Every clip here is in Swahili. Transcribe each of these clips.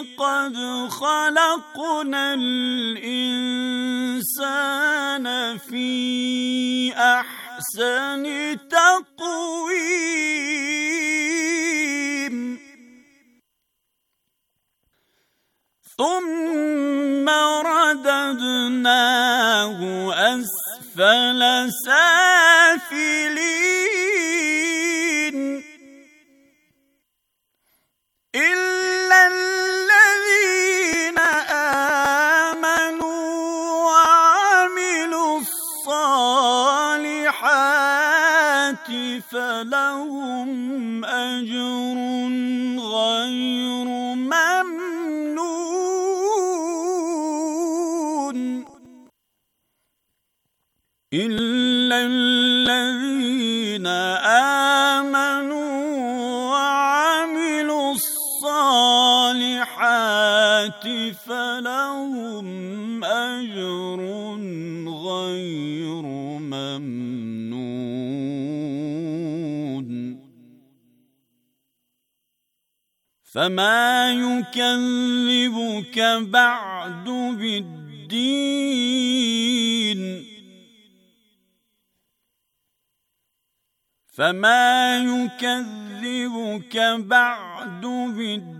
لقد خلقنا الانسان في احسن تقويم ثم رددناه اسفل سافلين لهم أجر غير ممنون فما يكذبك بعد بالدين فما يكذبك بعد بالدين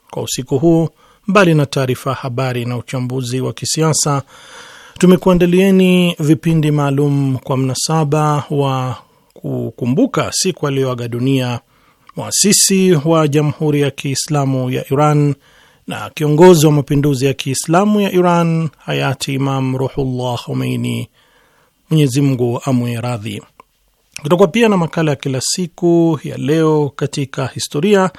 Kwa usiku huu, mbali na taarifa ya habari na uchambuzi wa kisiasa, tumekuandalieni vipindi maalum kwa mnasaba wa kukumbuka siku aliyoaga dunia mwasisi wa Jamhuri ya Kiislamu ya Iran na kiongozi wa mapinduzi ya Kiislamu ya Iran hayati Imam Ruhullah Khomeini, Mwenyezi Mungu amwe radhi. Kutakuwa pia na makala ya kila siku ya leo katika historia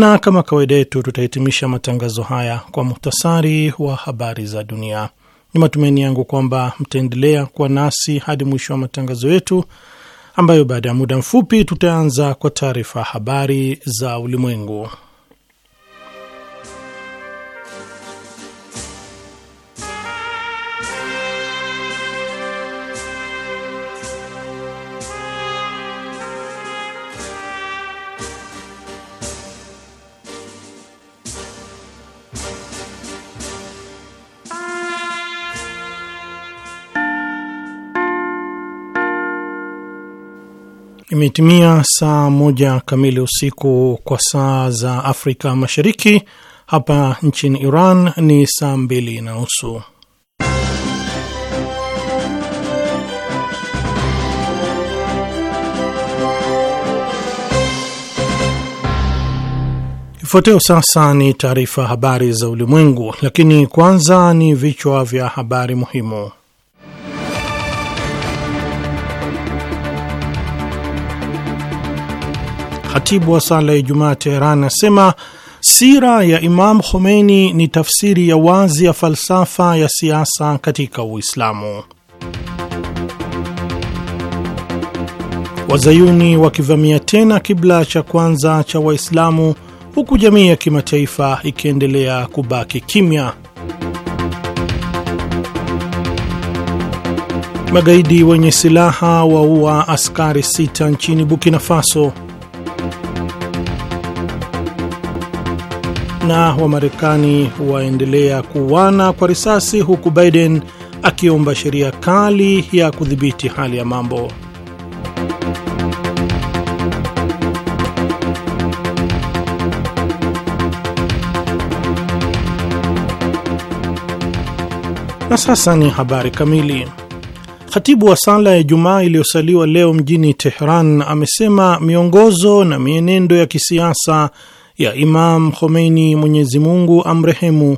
na kama kawaida yetu tutahitimisha matangazo haya kwa muhtasari wa habari za dunia. Ni matumaini yangu kwamba mtaendelea kuwa nasi hadi mwisho wa matangazo yetu, ambayo baada ya muda mfupi tutaanza kwa taarifa habari za ulimwengu. Imetimia saa moja kamili usiku kwa saa za Afrika Mashariki. Hapa nchini Iran ni saa mbili na nusu. Ifuatayo sasa ni taarifa habari za ulimwengu, lakini kwanza ni vichwa vya habari muhimu. Khatibu wa sala ya Ijumaa Teheran asema sira ya Imam Khomeini ni tafsiri ya wazi ya falsafa ya siasa katika Uislamu. Wazayuni wakivamia tena kibla cha kwanza cha Waislamu, huku jamii ya kimataifa ikiendelea kubaki kimya. Magaidi wenye silaha waua askari sita nchini Burkina Faso. na Wamarekani waendelea kuuana kwa risasi, huku Biden akiomba sheria kali ya kudhibiti hali ya mambo. Na sasa ni habari kamili. Khatibu wa sala ya Ijumaa iliyosaliwa leo mjini Tehran amesema miongozo na mienendo ya kisiasa ya Imam Khomeini, Mwenyezi Mungu amrehemu,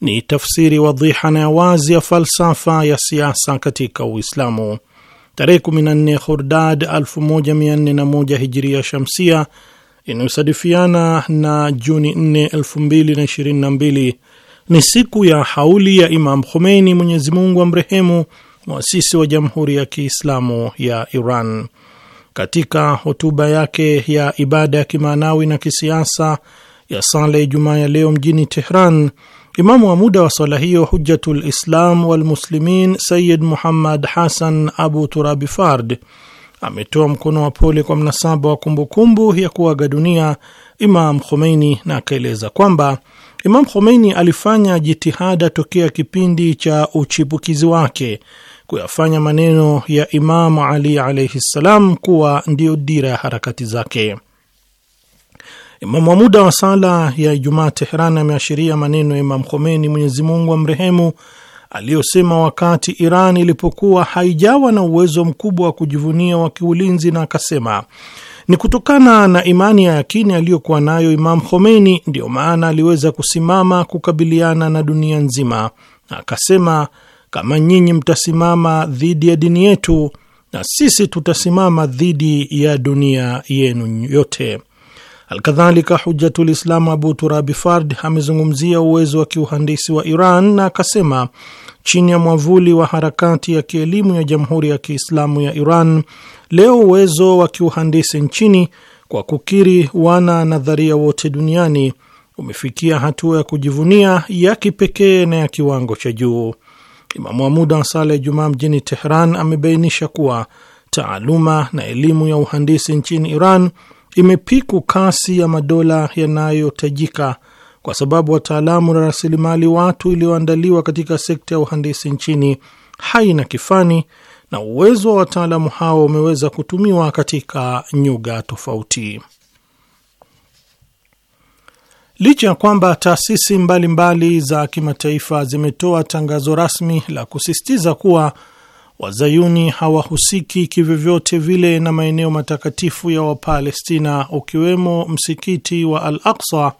ni tafsiri wadhiha na ya wazi ya falsafa ya siasa katika Uislamu. Tarehe 14 Khordad 1401 Hijria Shamsia inayosadifiana na Juni 4, 2022 ni siku ya hauli ya Imam Khomeini, Mwenyezi Mungu amrehemu, mwasisi wa Jamhuri ya Kiislamu ya Iran katika hotuba yake ya ibada ya kimaanawi na kisiasa ya sala Ijumaa ya leo mjini Tehran, imamu wa muda wa swala hiyo Hujjatul Islam walmuslimin sayid Muhammad Hassan Abu Turabi Fard ametoa mkono wa pole kwa mnasaba wa kumbukumbu ya kuaga dunia Imam Khomeini na akaeleza kwamba Imam Khomeini alifanya jitihada tokea kipindi cha uchipukizi wake kuyafanya maneno ya Imamu Ali alaihi ssalam kuwa ndiyo dira ya harakati zake. Imamu wa muda wa sala ya Ijumaa Teheran ameashiria maneno ya imam Khomeini, Mwenyezi Mungu amrehemu, aliyosema wakati Iran ilipokuwa haijawa na uwezo mkubwa wa kujivunia wa kiulinzi, na akasema ni kutokana na imani ya yakini aliyokuwa nayo Imam Khomeini ndiyo maana aliweza kusimama kukabiliana na dunia nzima, na akasema kama nyinyi mtasimama dhidi ya dini yetu, na sisi tutasimama dhidi ya dunia yenu yote. Alkadhalika, Hujatul Islamu Abu Turabi Fard amezungumzia uwezo wa kiuhandisi wa Iran na akasema chini ya mwavuli wa harakati ya kielimu ya Jamhuri ya Kiislamu ya Iran, leo uwezo wa kiuhandisi nchini, kwa kukiri wana nadharia wote duniani, umefikia hatua ya kujivunia ya kipekee na ya kiwango cha juu. Imamu Amuda sala ya Jumaa mjini Tehran amebainisha kuwa taaluma na elimu ya uhandisi nchini Iran imepiku kasi ya madola yanayotajika kwa sababu wataalamu na rasilimali watu iliyoandaliwa katika sekta ya uhandisi nchini haina kifani na uwezo wa wataalamu hao umeweza kutumiwa katika nyuga tofauti. Licha ya kwamba taasisi mbalimbali mbali za kimataifa zimetoa tangazo rasmi la kusisitiza kuwa wazayuni hawahusiki kivyovyote vile na maeneo matakatifu ya Wapalestina, ukiwemo msikiti wa Al Aksa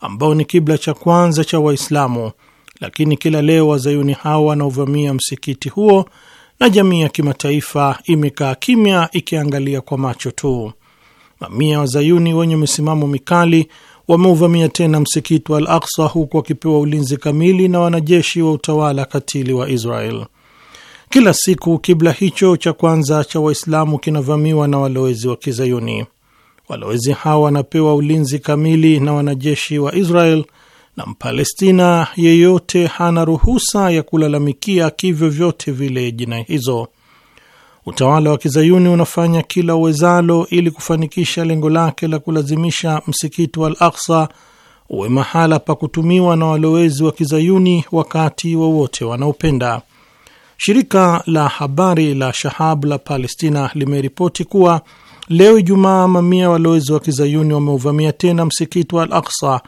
ambao ni kibla cha kwanza cha Waislamu, lakini kila leo wazayuni hawa wanaovamia msikiti huo na jamii ya kimataifa imekaa kimya ikiangalia kwa macho tu. Mamia wazayuni wenye misimamo mikali wameuvamia tena msikiti wa Al Aksa huku wakipewa ulinzi kamili na wanajeshi wa utawala katili wa Israel. Kila siku kibla hicho cha kwanza cha Waislamu kinavamiwa na walowezi wa Kizayuni. Walowezi hawa wanapewa ulinzi kamili na wanajeshi wa Israel, na Mpalestina yeyote hana ruhusa ya kulalamikia kivyovyote vile jinai hizo. Utawala wa kizayuni unafanya kila uwezalo ili kufanikisha lengo lake la kulazimisha msikiti wa Al Aksa uwe mahala pa kutumiwa na walowezi wa kizayuni wakati wowote wa wanaopenda. Shirika la habari la Shahab la Palestina limeripoti kuwa leo Ijumaa, mamia walowezi wa kizayuni wameuvamia tena msikiti wa Al Aksa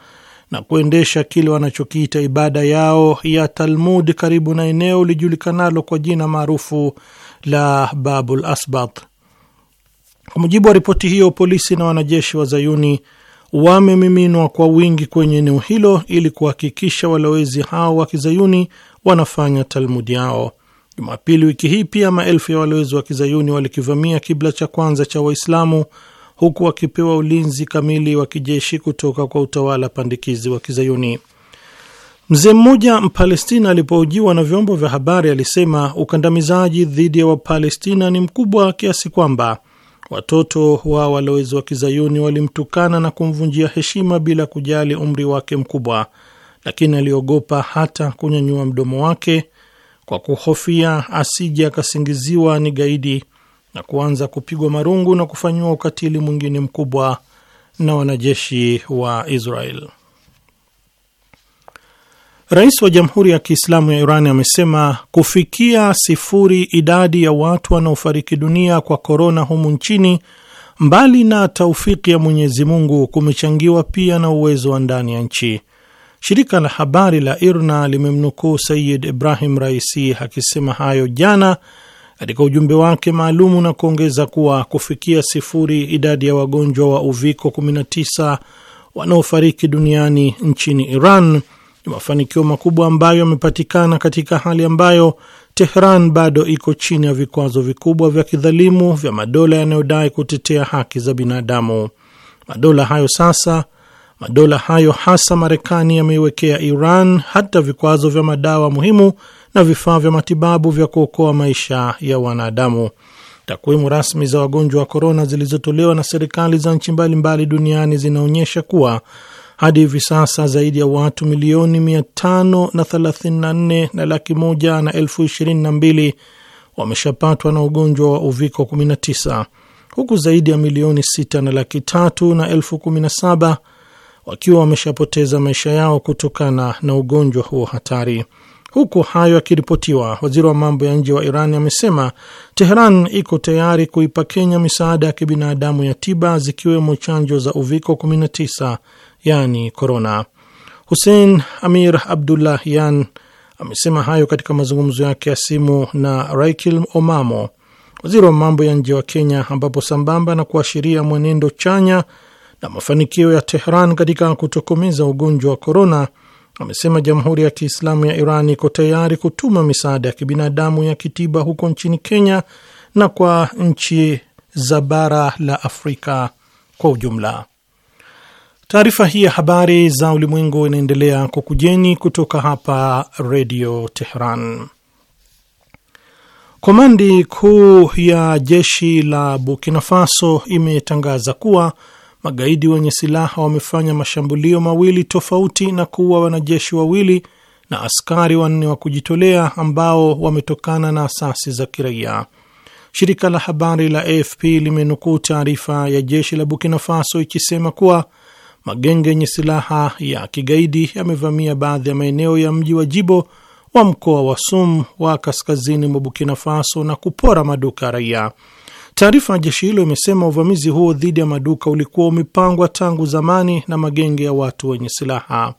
na kuendesha kile wanachokiita ibada yao ya Talmud karibu na eneo lijulikanalo kwa jina maarufu la Babul Asbat. Kwa mujibu wa ripoti hiyo, polisi na wanajeshi wa Zayuni wamemiminwa kwa wingi kwenye eneo hilo ili kuhakikisha walowezi hao wa kizayuni wanafanya Talmudi yao. Jumapili wiki hii pia maelfu ya walowezi wa kizayuni walikivamia kibla cha kwanza cha Waislamu huku wakipewa ulinzi kamili wa kijeshi kutoka kwa utawala pandikizi wa kizayuni. Mzee mmoja Mpalestina alipohojiwa na vyombo vya habari alisema ukandamizaji dhidi ya Wapalestina ni mkubwa kiasi kwamba watoto wa walowezi wa kizayuni walimtukana na kumvunjia heshima bila kujali umri wake mkubwa, lakini aliogopa hata kunyanyua mdomo wake kwa kuhofia asije akasingiziwa ni gaidi na kuanza kupigwa marungu na kufanyiwa ukatili mwingine mkubwa na wanajeshi wa Israel. Rais wa Jamhuri ya Kiislamu ya Iran amesema kufikia sifuri idadi ya watu wanaofariki dunia kwa korona humu nchini, mbali na taufiki ya Mwenyezi Mungu, kumechangiwa pia na uwezo wa ndani ya nchi. Shirika la habari la IRNA limemnukuu Sayid Ibrahim Raisi akisema hayo jana katika ujumbe wake maalumu na kuongeza kuwa kufikia sifuri idadi ya wagonjwa wa uviko 19 wanaofariki duniani nchini Iran ni mafanikio makubwa ambayo yamepatikana katika hali ambayo Tehran bado iko chini ya vikwazo vikubwa vya kidhalimu vya madola yanayodai kutetea haki za binadamu. Madola hayo sasa, madola hayo hasa Marekani yameiwekea Iran hata vikwazo vya madawa muhimu na vifaa vya matibabu vya kuokoa maisha ya wanadamu. Takwimu rasmi za wagonjwa wa korona zilizotolewa na serikali za nchi mbalimbali duniani zinaonyesha kuwa hadi hivi sasa zaidi ya watu milioni 534 na laki moja na elfu 22 wameshapatwa na ugonjwa wa uviko 19 huku zaidi ya milioni 6 na laki tatu na elfu 17 wakiwa wameshapoteza maisha yao kutokana na ugonjwa huo hatari. Huku hayo akiripotiwa waziri wa mambo ya nje wa Iran amesema Teheran iko tayari kuipa Kenya misaada ya kibinadamu ya tiba zikiwemo chanjo za uviko 19 yani korona. Hussein Amir Abdullahian amesema hayo katika mazungumzo yake ya simu na Raikil Omamo, waziri wa mambo ya nje wa Kenya, ambapo sambamba na kuashiria mwenendo chanya na mafanikio ya Tehran katika kutokomeza ugonjwa wa korona, amesema Jamhuri ya Kiislamu ya Iran iko tayari kutuma misaada ya kibinadamu ya kitiba huko nchini Kenya na kwa nchi za bara la Afrika kwa ujumla. Taarifa hii ya habari za ulimwengu inaendelea kukujeni kutoka hapa Redio Teheran. Komandi kuu ya jeshi la Burkina Faso imetangaza kuwa magaidi wenye silaha wamefanya mashambulio mawili tofauti na kuua wanajeshi wawili na askari wanne wa kujitolea ambao wametokana na asasi za kiraia. Shirika la habari la AFP limenukuu taarifa ya jeshi la Burkina Faso ikisema kuwa magenge yenye silaha ya kigaidi yamevamia baadhi ya maeneo ya mji wa Jibo wa mkoa wa Sum wa kaskazini mwa Burkina Faso na kupora maduka ya raia. Taarifa ya jeshi hilo imesema uvamizi huo dhidi ya maduka ulikuwa umepangwa tangu zamani na magenge ya watu wenye silaha.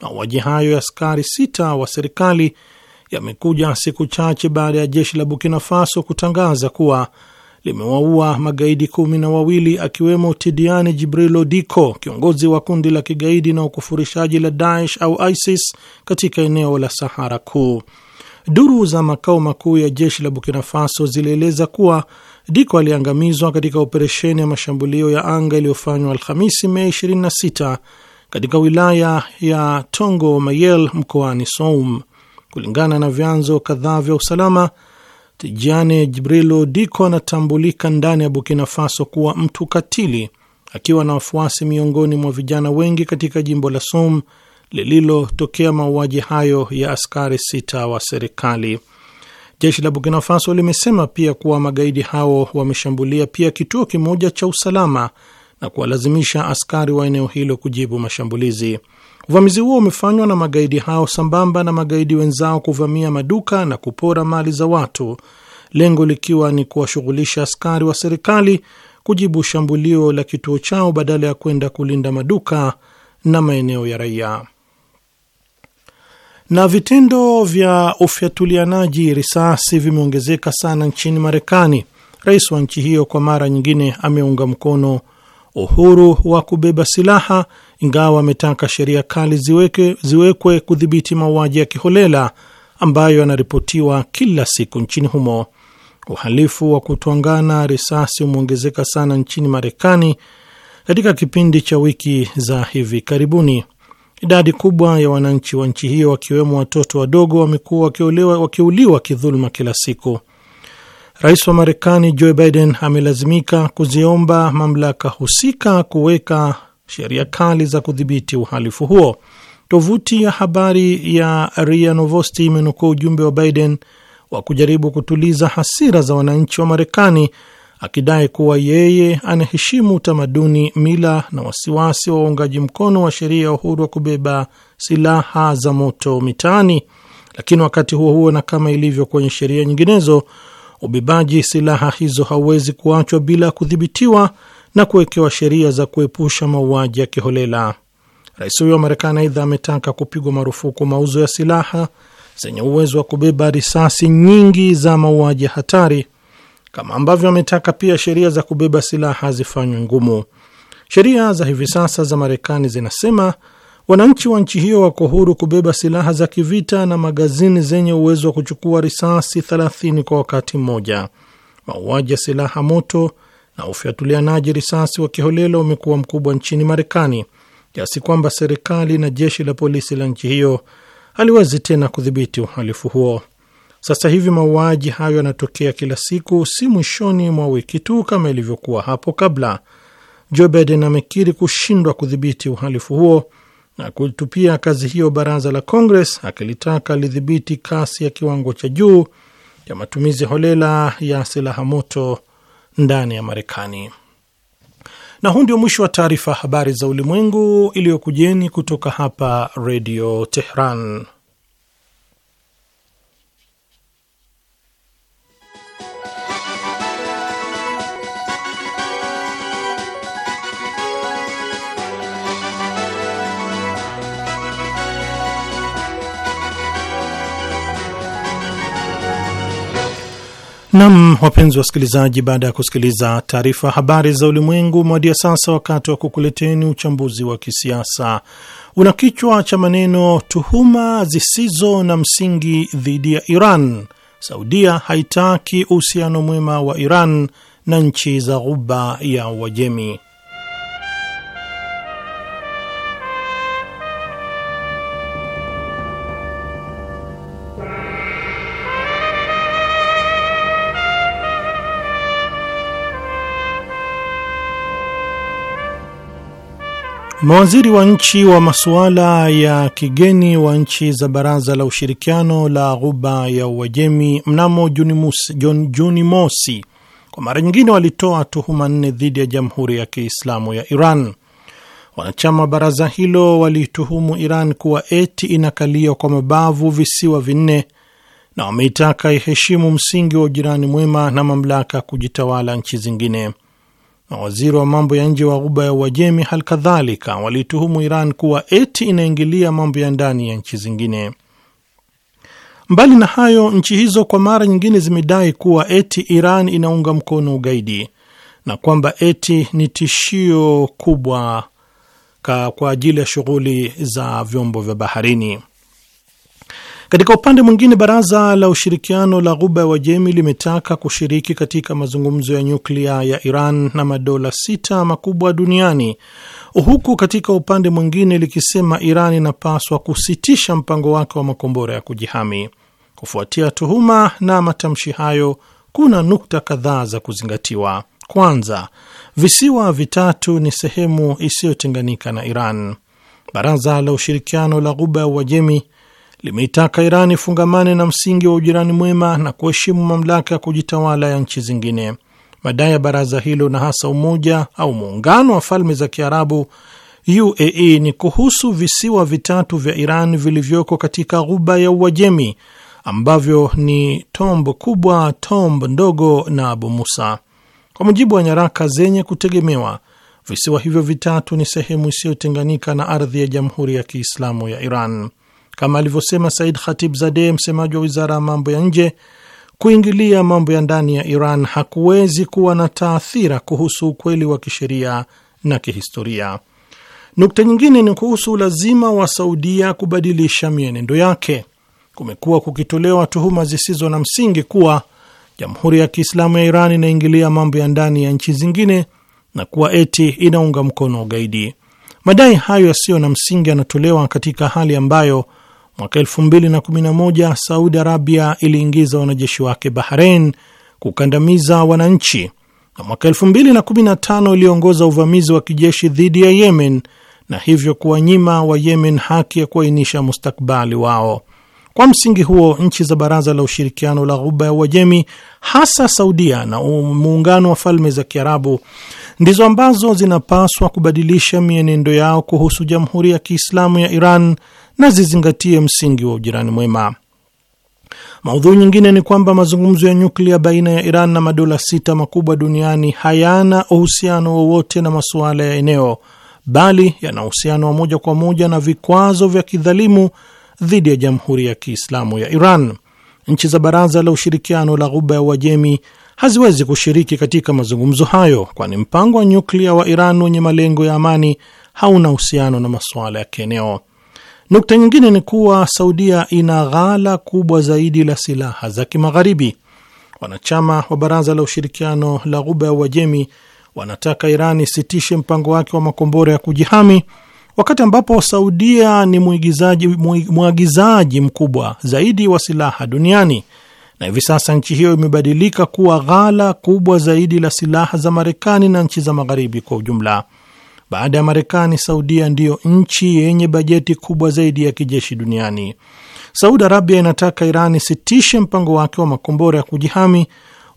Mauaji hayo ya askari sita wa serikali yamekuja siku chache baada ya jeshi la Burkina Faso kutangaza kuwa limewaua magaidi kumi na wawili akiwemo Tidiane Jibrilo Diko, kiongozi wa kundi la kigaidi na ukufurishaji la Daesh au ISIS katika eneo la Sahara Kuu. Duru za makao makuu ya jeshi la Burkina Faso zilieleza kuwa Diko aliangamizwa katika operesheni ya mashambulio ya anga iliyofanywa Alhamisi, Mei 26 katika wilaya ya Tongo Mayel mkoani Soum, kulingana na vyanzo kadhaa vya usalama. Tijane Jibrilo Diko anatambulika ndani ya Burkina Faso kuwa mtu katili, akiwa na wafuasi miongoni mwa vijana wengi katika jimbo la Soum lililotokea mauaji hayo ya askari sita wa serikali. Jeshi la Burkina Faso limesema pia kuwa magaidi hao wameshambulia pia kituo kimoja cha usalama na kuwalazimisha askari wa eneo hilo kujibu mashambulizi. Uvamizi huo umefanywa na magaidi hao sambamba na magaidi wenzao kuvamia maduka na kupora mali za watu, lengo likiwa ni kuwashughulisha askari wa serikali kujibu shambulio la kituo chao badala ya kwenda kulinda maduka na maeneo ya raia. Na vitendo vya ufyatulianaji risasi vimeongezeka sana nchini Marekani. Rais wa nchi hiyo kwa mara nyingine ameunga mkono uhuru wa kubeba silaha ingawa ametaka sheria kali ziweke, ziwekwe kudhibiti mauaji ya kiholela ambayo yanaripotiwa kila siku nchini humo. Uhalifu wa kutwangana risasi umeongezeka sana nchini Marekani katika kipindi cha wiki za hivi karibuni. Idadi kubwa ya wananchi wa nchi hiyo wakiwemo watoto wadogo wamekuwa wakiuliwa kidhuluma kila siku. Rais wa Marekani Joe Biden amelazimika kuziomba mamlaka husika kuweka sheria kali za kudhibiti uhalifu huo. Tovuti ya habari ya Ria Novosti imenukua ujumbe wa Biden wa kujaribu kutuliza hasira za wananchi wa Marekani akidai kuwa yeye anaheshimu utamaduni, mila na wasiwasi wa waungaji mkono wa sheria ya uhuru wa kubeba silaha za moto mitaani. Lakini wakati huo huo, na kama ilivyo kwenye sheria nyinginezo, ubebaji silaha hizo hauwezi kuachwa bila kudhibitiwa na kuwekewa sheria za kuepusha mauaji ya kiholela. Rais huyo wa Marekani aidha ametaka kupigwa marufuku mauzo ya silaha zenye uwezo wa kubeba risasi nyingi za mauaji ya hatari, kama ambavyo ametaka pia sheria za kubeba silaha zifanywe ngumu. Sheria za hivi sasa za Marekani zinasema wananchi wa nchi hiyo wako huru kubeba silaha za kivita na magazini zenye uwezo wa kuchukua risasi 30 kwa wakati mmoja. Mauaji ya silaha moto na ufyatulianaji risasi wa kiholela umekuwa mkubwa nchini Marekani kiasi kwamba serikali na jeshi la polisi la nchi hiyo haliwezi tena kudhibiti uhalifu huo. Sasa hivi mauaji hayo yanatokea kila siku, si mwishoni mwa wiki tu kama ilivyokuwa hapo kabla. Joe Biden amekiri kushindwa kudhibiti uhalifu huo na kulitupia kazi hiyo baraza la Congress, akilitaka lidhibiti kasi ya kiwango cha juu ya matumizi holela ya silaha moto ndani ya Marekani. Na huu ndio mwisho wa taarifa habari za ulimwengu iliyokujeni kutoka hapa Redio Tehran. Nam, wapenzi wasikilizaji, baada ya kusikiliza taarifa habari za ulimwengu, mwadia sasa wakati wa kukuleteni uchambuzi wa kisiasa una kichwa cha maneno tuhuma zisizo na msingi dhidi ya Iran. Saudia haitaki uhusiano mwema wa Iran na nchi za Ghuba ya Uajemi. Mawaziri wa nchi wa masuala ya kigeni wa nchi za Baraza la Ushirikiano la Ghuba ya Uajemi mnamo Juni mosi, Juni mosi kwa mara nyingine walitoa tuhuma nne dhidi ya Jamhuri ya Kiislamu ya Iran. Wanachama wa baraza hilo walituhumu Iran kuwa eti inakalia kwa mabavu visiwa vinne na wameitaka iheshimu msingi wa ujirani mwema na mamlaka kujitawala nchi zingine. Mawaziri wa mambo ya nje wa Ghuba ya Uajemi hal kadhalika walituhumu Iran kuwa eti inaingilia mambo ya ndani ya nchi zingine. Mbali na hayo, nchi hizo kwa mara nyingine zimedai kuwa eti Iran inaunga mkono ugaidi na kwamba eti ni tishio kubwa kwa ajili ya shughuli za vyombo vya baharini. Katika upande mwingine, baraza la ushirikiano la Ghuba ya Wajemi limetaka kushiriki katika mazungumzo ya nyuklia ya Iran na madola sita makubwa duniani, huku katika upande mwingine likisema Iran inapaswa kusitisha mpango wake wa makombora ya kujihami. Kufuatia tuhuma na matamshi hayo, kuna nukta kadhaa za kuzingatiwa. Kwanza, visiwa vitatu ni sehemu isiyotenganika na Iran. Baraza la ushirikiano la Ghuba ya Uajemi limeitaka Iran ifungamane na msingi wa ujirani mwema na kuheshimu mamlaka ya kujitawala ya nchi zingine. Madai ya baraza hilo na hasa umoja au muungano wa falme za Kiarabu UAE ni kuhusu visiwa vitatu vya Iran vilivyoko katika ghuba ya Uajemi ambavyo ni Tomb Kubwa, Tomb Ndogo na Abu Musa. Kwa mujibu wa nyaraka zenye kutegemewa, visiwa hivyo vitatu ni sehemu isiyotenganika na ardhi ya Jamhuri ya Kiislamu ya Iran. Kama alivyosema Said khatib Zadeh, msemaji wa wizara ya mambo ya nje, kuingilia mambo ya ndani ya Iran hakuwezi kuwa na taathira kuhusu ukweli wa kisheria na kihistoria. Nukta nyingine ni kuhusu ulazima wa Saudia kubadilisha mienendo yake. Kumekuwa kukitolewa tuhuma zisizo na msingi kuwa Jamhuri ya Kiislamu ya Iran inaingilia mambo ya ndani ya nchi zingine na kuwa eti inaunga mkono ugaidi. Madai hayo yasiyo na msingi yanatolewa katika hali ambayo Mwaka moja Saudi Arabia iliingiza wanajeshi wake bahrein kukandamiza wananchi, na mwaka tano iliongoza uvamizi wa kijeshi dhidi ya Yemen na hivyo kuwanyima wa Yemen haki ya kuainisha mustakbali wao. Kwa msingi huo, nchi za Baraza la Ushirikiano la Ghuba ya Uajemi, hasa Saudia na Muungano wa Falme za Kiarabu, ndizo ambazo zinapaswa kubadilisha mienendo yao kuhusu Jamhuri ya Kiislamu ya Iran na zizingatie msingi wa ujirani mwema. Maudhui nyingine ni kwamba mazungumzo ya nyuklia baina ya Iran na madola sita makubwa duniani hayana uhusiano wowote na masuala ya eneo, bali yana uhusiano wa moja kwa moja na vikwazo vya kidhalimu dhidi ya Jamhuri ya Kiislamu ya Iran. Nchi za Baraza la Ushirikiano la Ghuba ya Uajemi haziwezi kushiriki katika mazungumzo hayo, kwani mpango wa nyuklia wa Iran wenye malengo ya amani hauna uhusiano na masuala ya kieneo. Nukta nyingine ni kuwa Saudia ina ghala kubwa zaidi la silaha za kimagharibi. Wanachama wa Baraza la Ushirikiano la Ghuba ya Uajemi wanataka Iran isitishe mpango wake wa makombora ya kujihami, wakati ambapo Saudia ni mwigizaji, mwagizaji mkubwa zaidi wa silaha duniani, na hivi sasa nchi hiyo imebadilika kuwa ghala kubwa zaidi la silaha za Marekani na nchi za Magharibi kwa ujumla. Baada ya Marekani, Saudia ndiyo nchi yenye bajeti kubwa zaidi ya kijeshi duniani. Saudi Arabia inataka Iran isitishe mpango wake wa makombora ya kujihami,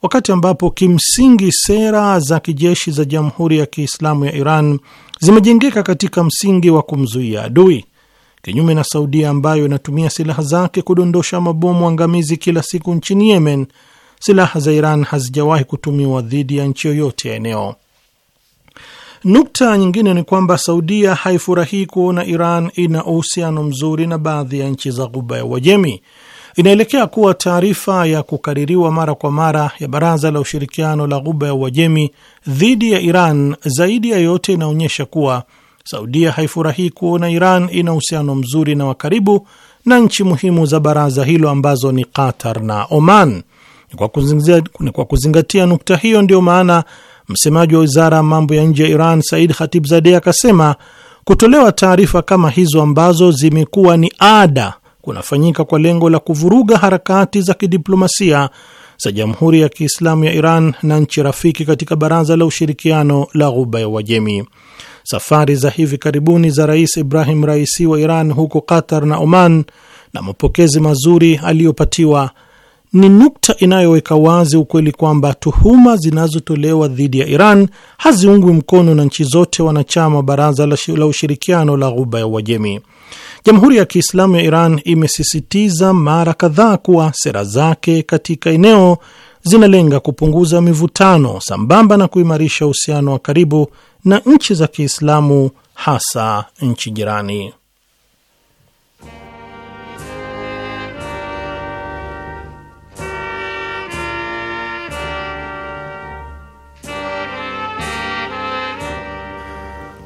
wakati ambapo kimsingi sera za kijeshi za Jamhuri ya Kiislamu ya Iran zimejengeka katika msingi wa kumzuia adui, kinyume na Saudia ambayo inatumia silaha zake kudondosha mabomu angamizi kila siku nchini Yemen. Silaha za Iran hazijawahi kutumiwa dhidi ya nchi yoyote ya eneo. Nukta nyingine ni kwamba Saudia haifurahii kuona Iran ina uhusiano mzuri na baadhi ya nchi za Ghuba ya Uajemi. Inaelekea kuwa taarifa ya kukaririwa mara kwa mara ya Baraza la Ushirikiano la Ghuba ya Uajemi dhidi ya Iran zaidi ya yote inaonyesha kuwa Saudia haifurahii kuona Iran ina uhusiano mzuri na wa karibu na nchi muhimu za baraza hilo ambazo ni Qatar na Oman. Ni kwa kuzingatia nukta hiyo, ndio maana Msemaji wa wizara ya mambo ya nje ya Iran Said Khatibzadeh akasema kutolewa taarifa kama hizo ambazo zimekuwa ni ada kunafanyika kwa lengo la kuvuruga harakati za kidiplomasia za Jamhuri ya Kiislamu ya Iran na nchi rafiki katika Baraza la Ushirikiano la Ghuba ya Uajemi. Safari za hivi karibuni za Rais Ibrahim Raisi wa Iran huko Qatar na Oman na mapokezi mazuri aliyopatiwa ni nukta inayoweka wazi ukweli kwamba tuhuma zinazotolewa dhidi ya Iran haziungwi mkono na nchi zote wanachama Baraza la Ushirikiano la Ghuba ya Uajemi. Jamhuri ya Kiislamu ya Iran imesisitiza mara kadhaa kuwa sera zake katika eneo zinalenga kupunguza mivutano sambamba na kuimarisha uhusiano wa karibu na nchi za Kiislamu, hasa nchi jirani.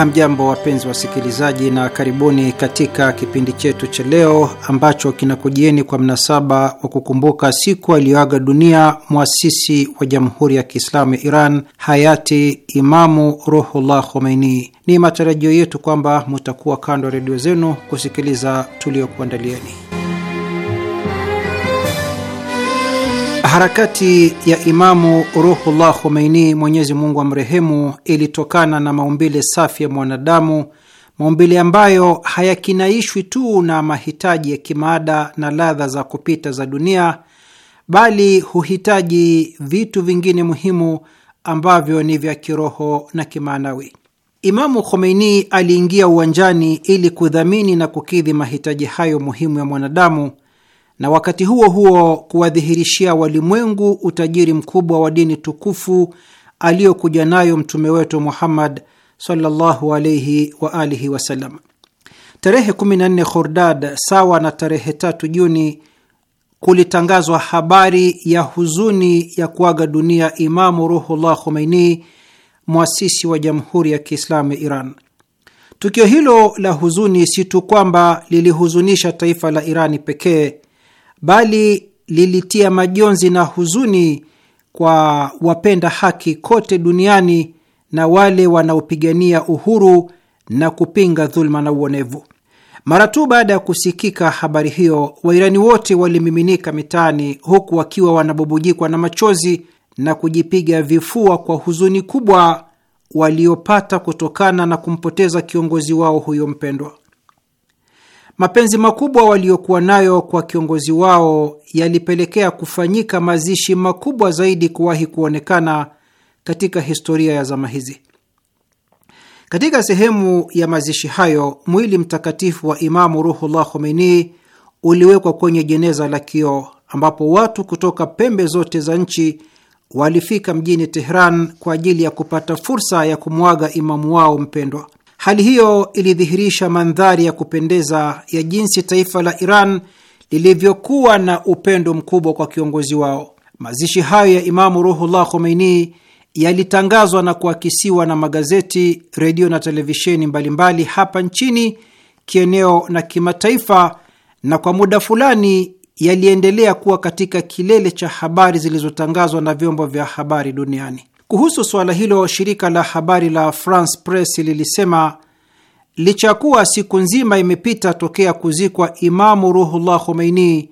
Hamjambo, wapenzi wasikilizaji, na karibuni katika kipindi chetu cha leo ambacho kinakujieni kwa mnasaba wa kukumbuka siku aliyoaga dunia mwasisi wa Jamhuri ya Kiislamu ya Iran, hayati Imamu Ruhullah Khomeini. Ni matarajio yetu kwamba mutakuwa kando ya redio zenu kusikiliza tuliokuandalieni. Harakati ya Imamu Ruhullah Khomeini, Mwenyezi Mungu amrehemu, ilitokana na maumbile safi ya mwanadamu, maumbile ambayo hayakinaishwi tu na mahitaji ya kimaada na ladha za kupita za dunia, bali huhitaji vitu vingine muhimu ambavyo ni vya kiroho na kimaanawi. Imamu Khomeini aliingia uwanjani ili kudhamini na kukidhi mahitaji hayo muhimu ya mwanadamu na wakati huo huo kuwadhihirishia walimwengu utajiri mkubwa wa dini tukufu aliyokuja nayo mtume wetu Muhammad sallallahu wa alihi wasallam. Tarehe 14 Khordad sawa na tarehe tatu Juni kulitangazwa habari ya huzuni ya kuaga dunia Imamu Ruhullah Khomeini, mwasisi wa Jamhuri ya Kiislamu ya Iran. Tukio hilo la huzuni si tu kwamba lilihuzunisha taifa la Irani pekee, bali lilitia majonzi na huzuni kwa wapenda haki kote duniani na wale wanaopigania uhuru na kupinga dhuluma na uonevu. Mara tu baada ya kusikika habari hiyo, Wairani wote walimiminika mitaani, huku wakiwa wanabubujikwa na machozi na kujipiga vifua kwa huzuni kubwa waliopata kutokana na kumpoteza kiongozi wao huyo mpendwa. Mapenzi makubwa waliokuwa nayo kwa kiongozi wao yalipelekea kufanyika mazishi makubwa zaidi kuwahi kuonekana katika historia ya zama hizi. Katika sehemu ya mazishi hayo, mwili mtakatifu wa Imamu Ruhullah Khomeini uliwekwa kwenye jeneza la kioo ambapo watu kutoka pembe zote za nchi walifika mjini Tehran kwa ajili ya kupata fursa ya kumwaga imamu wao mpendwa. Hali hiyo ilidhihirisha mandhari ya kupendeza ya jinsi taifa la Iran lilivyokuwa na upendo mkubwa kwa kiongozi wao. Mazishi hayo ya Imamu Ruhullah Khomeini yalitangazwa na kuakisiwa na magazeti, redio na televisheni mbalimbali hapa nchini, kieneo na kimataifa, na kwa muda fulani yaliendelea kuwa katika kilele cha habari zilizotangazwa na vyombo vya habari duniani. Kuhusu suala hilo, shirika la habari la France Press lilisema licha ya kuwa siku nzima imepita tokea kuzikwa Imamu Ruhullah Khomeini,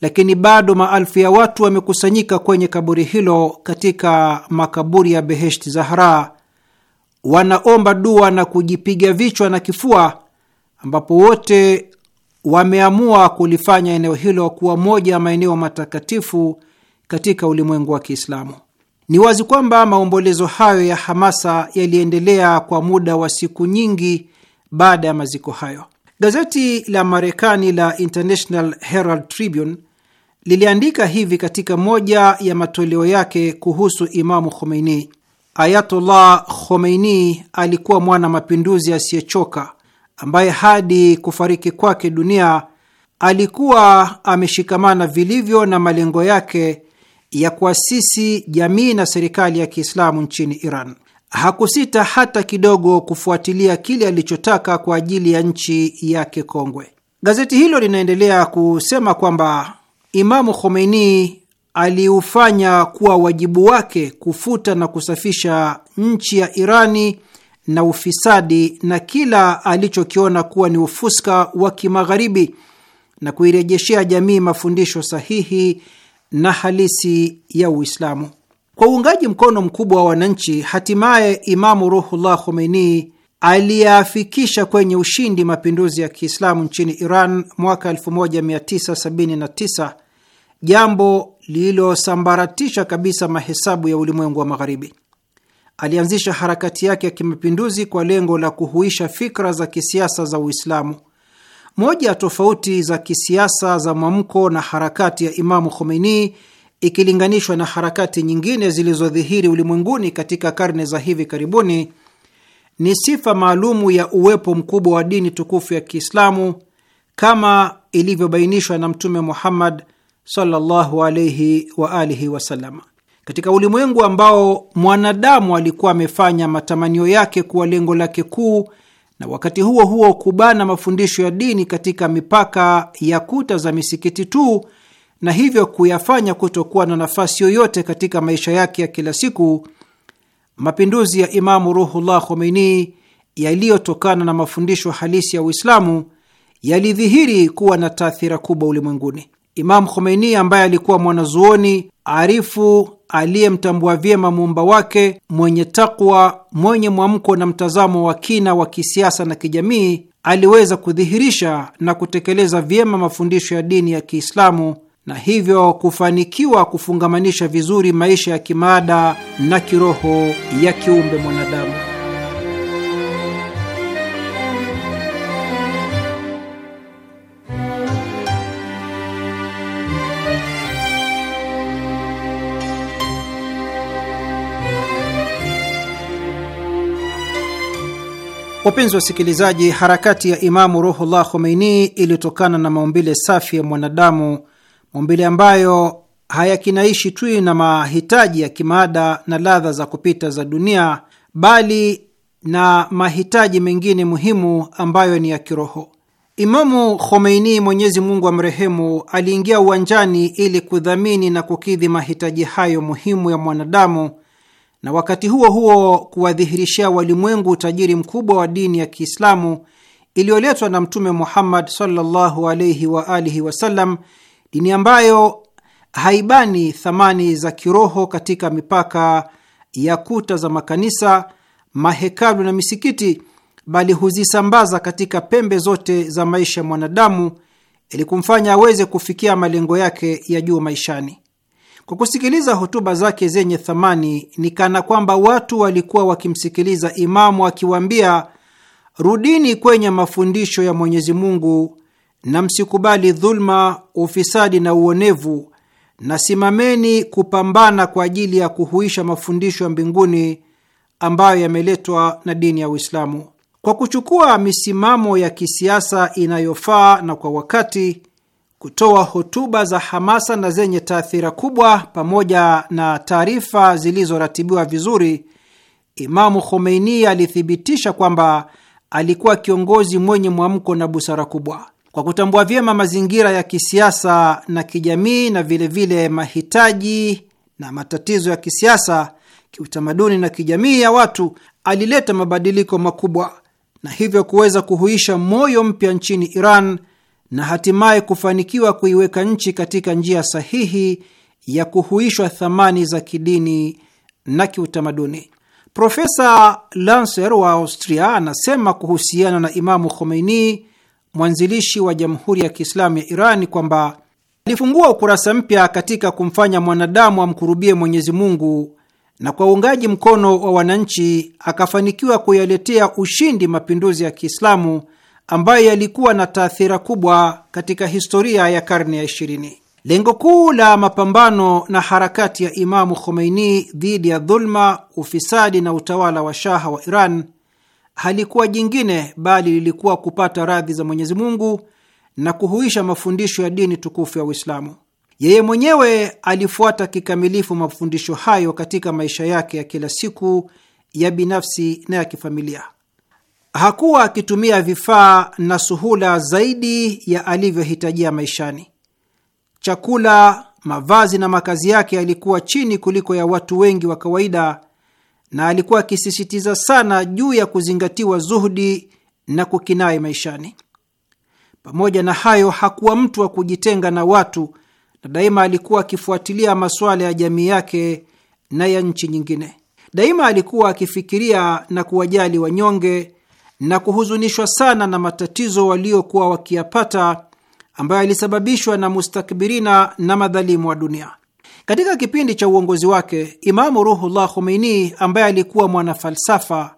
lakini bado maelfu ya watu wamekusanyika kwenye kaburi hilo katika makaburi ya Beheshti Zahra, wanaomba dua na kujipiga vichwa na kifua, ambapo wote wameamua kulifanya eneo hilo kuwa moja ya maeneo matakatifu katika ulimwengu wa Kiislamu. Ni wazi kwamba maombolezo hayo ya hamasa yaliendelea kwa muda wa siku nyingi baada ya maziko hayo. Gazeti la Marekani la International Herald Tribune liliandika hivi katika moja ya matoleo yake kuhusu Imamu Khomeini: Ayatollah Khomeini alikuwa mwana mapinduzi asiyechoka ambaye hadi kufariki kwake dunia alikuwa ameshikamana vilivyo na malengo yake ya kuasisi jamii na serikali ya Kiislamu nchini Iran. Hakusita hata kidogo kufuatilia kile alichotaka kwa ajili ya nchi yake kongwe. Gazeti hilo linaendelea kusema kwamba Imamu Khomeini aliufanya kuwa wajibu wake kufuta na kusafisha nchi ya Irani na ufisadi na kila alichokiona kuwa ni ufuska wa kimagharibi na kuirejeshea jamii mafundisho sahihi na halisi ya Uislamu. Kwa uungaji mkono mkubwa wa wananchi, hatimaye Imamu Ruhullah Khomeini aliyeafikisha kwenye ushindi mapinduzi ya Kiislamu nchini Iran mwaka 1979, jambo lililosambaratisha kabisa mahesabu ya ulimwengu wa Magharibi. Alianzisha harakati yake ya kimapinduzi kwa lengo la kuhuisha fikra za kisiasa za Uislamu moja ya tofauti za kisiasa za mwamko na harakati ya Imamu Khomeini ikilinganishwa na harakati nyingine zilizodhihiri ulimwenguni katika karne za hivi karibuni ni sifa maalumu ya uwepo mkubwa wa dini tukufu ya Kiislamu kama ilivyobainishwa na Mtume Muhammad sallallahu alayhi wa alihi wasallam. Katika ulimwengu ambao mwanadamu alikuwa amefanya matamanio yake kuwa lengo lake kuu na wakati huo huo kubana mafundisho ya dini katika mipaka ya kuta za misikiti tu na hivyo kuyafanya kutokuwa na nafasi yoyote katika maisha yake ya kila siku. Mapinduzi ya Imamu Ruhullah Khomeini yaliyotokana na mafundisho halisi ya Uislamu yalidhihiri kuwa na taathira kubwa ulimwenguni. Imamu Khomeini ambaye alikuwa mwanazuoni arifu aliyemtambua vyema muumba wake, mwenye takwa, mwenye mwamko na mtazamo wa kina wa kisiasa na kijamii, aliweza kudhihirisha na kutekeleza vyema mafundisho ya dini ya Kiislamu na hivyo kufanikiwa kufungamanisha vizuri maisha ya kimaada na kiroho ya kiumbe mwanadamu. Wapenzi wasikilizaji, harakati ya Imamu Ruhullah Khomeini ilitokana na maumbile safi ya mwanadamu, maumbile ambayo hayakinaishi tu na mahitaji ya kimaada na ladha za kupita za dunia, bali na mahitaji mengine muhimu ambayo ni ya kiroho. Imamu Khomeini, Mwenyezi Mungu amrehemu, aliingia uwanjani ili kudhamini na kukidhi mahitaji hayo muhimu ya mwanadamu na wakati huo huo kuwadhihirishia walimwengu utajiri mkubwa wa dini ya Kiislamu iliyoletwa na Mtume Muhammad sallallahu alaihi wa alihi wasallam, dini ambayo haibani thamani za kiroho katika mipaka ya kuta za makanisa, mahekalu na misikiti, bali huzisambaza katika pembe zote za maisha ya mwanadamu ili kumfanya aweze kufikia malengo yake ya juu maishani. Kwa kusikiliza hotuba zake zenye thamani, ni kana kwamba watu walikuwa wakimsikiliza imamu akiwaambia, rudini kwenye mafundisho ya Mwenyezi Mungu na msikubali dhulma, ufisadi na uonevu, na simameni kupambana kwa ajili ya kuhuisha mafundisho ya mbinguni ambayo yameletwa na dini ya Uislamu. Kwa kuchukua misimamo ya kisiasa inayofaa na kwa wakati kutoa hotuba za hamasa na zenye taathira kubwa pamoja na taarifa zilizoratibiwa vizuri, Imamu Khomeini alithibitisha kwamba alikuwa kiongozi mwenye mwamko na busara kubwa. Kwa kutambua vyema mazingira ya kisiasa na kijamii na vilevile vile mahitaji na matatizo ya kisiasa, kiutamaduni na kijamii ya watu, alileta mabadiliko makubwa na hivyo kuweza kuhuisha moyo mpya nchini Iran na hatimaye kufanikiwa kuiweka nchi katika njia sahihi ya kuhuishwa thamani za kidini na kiutamaduni. Profesa Lancer wa Austria anasema kuhusiana na Imamu Khomeini, mwanzilishi wa Jamhuri ya Kiislamu ya Iran, kwamba alifungua ukurasa mpya katika kumfanya mwanadamu amkurubie Mwenyezi Mungu, na kwa uungaji mkono wa wananchi akafanikiwa kuyaletea ushindi mapinduzi ya Kiislamu ambayo yalikuwa na taathira kubwa katika historia ya karne ya ishirini. Lengo kuu la mapambano na harakati ya Imamu Khomeini dhidi ya dhulma, ufisadi na utawala wa shaha wa Iran halikuwa jingine bali lilikuwa kupata radhi za Mwenyezi Mungu na kuhuisha mafundisho ya dini tukufu ya Uislamu. Yeye mwenyewe alifuata kikamilifu mafundisho hayo katika maisha yake ya kila siku ya binafsi na ya kifamilia hakuwa akitumia vifaa na suhula zaidi ya alivyohitajia maishani. Chakula, mavazi na makazi yake yalikuwa chini kuliko ya watu wengi wa kawaida, na alikuwa akisisitiza sana juu ya kuzingatiwa zuhudi na kukinai maishani. Pamoja na hayo, hakuwa mtu wa kujitenga na watu, na daima alikuwa akifuatilia masuala ya jamii yake na ya nchi nyingine. Daima alikuwa akifikiria na kuwajali wanyonge na kuhuzunishwa sana na matatizo waliokuwa wakiyapata ambayo yalisababishwa na mustakbirina na madhalimu wa dunia. Katika kipindi cha uongozi wake, Imamu Ruhullah Khomeini ambaye alikuwa mwanafalsafa,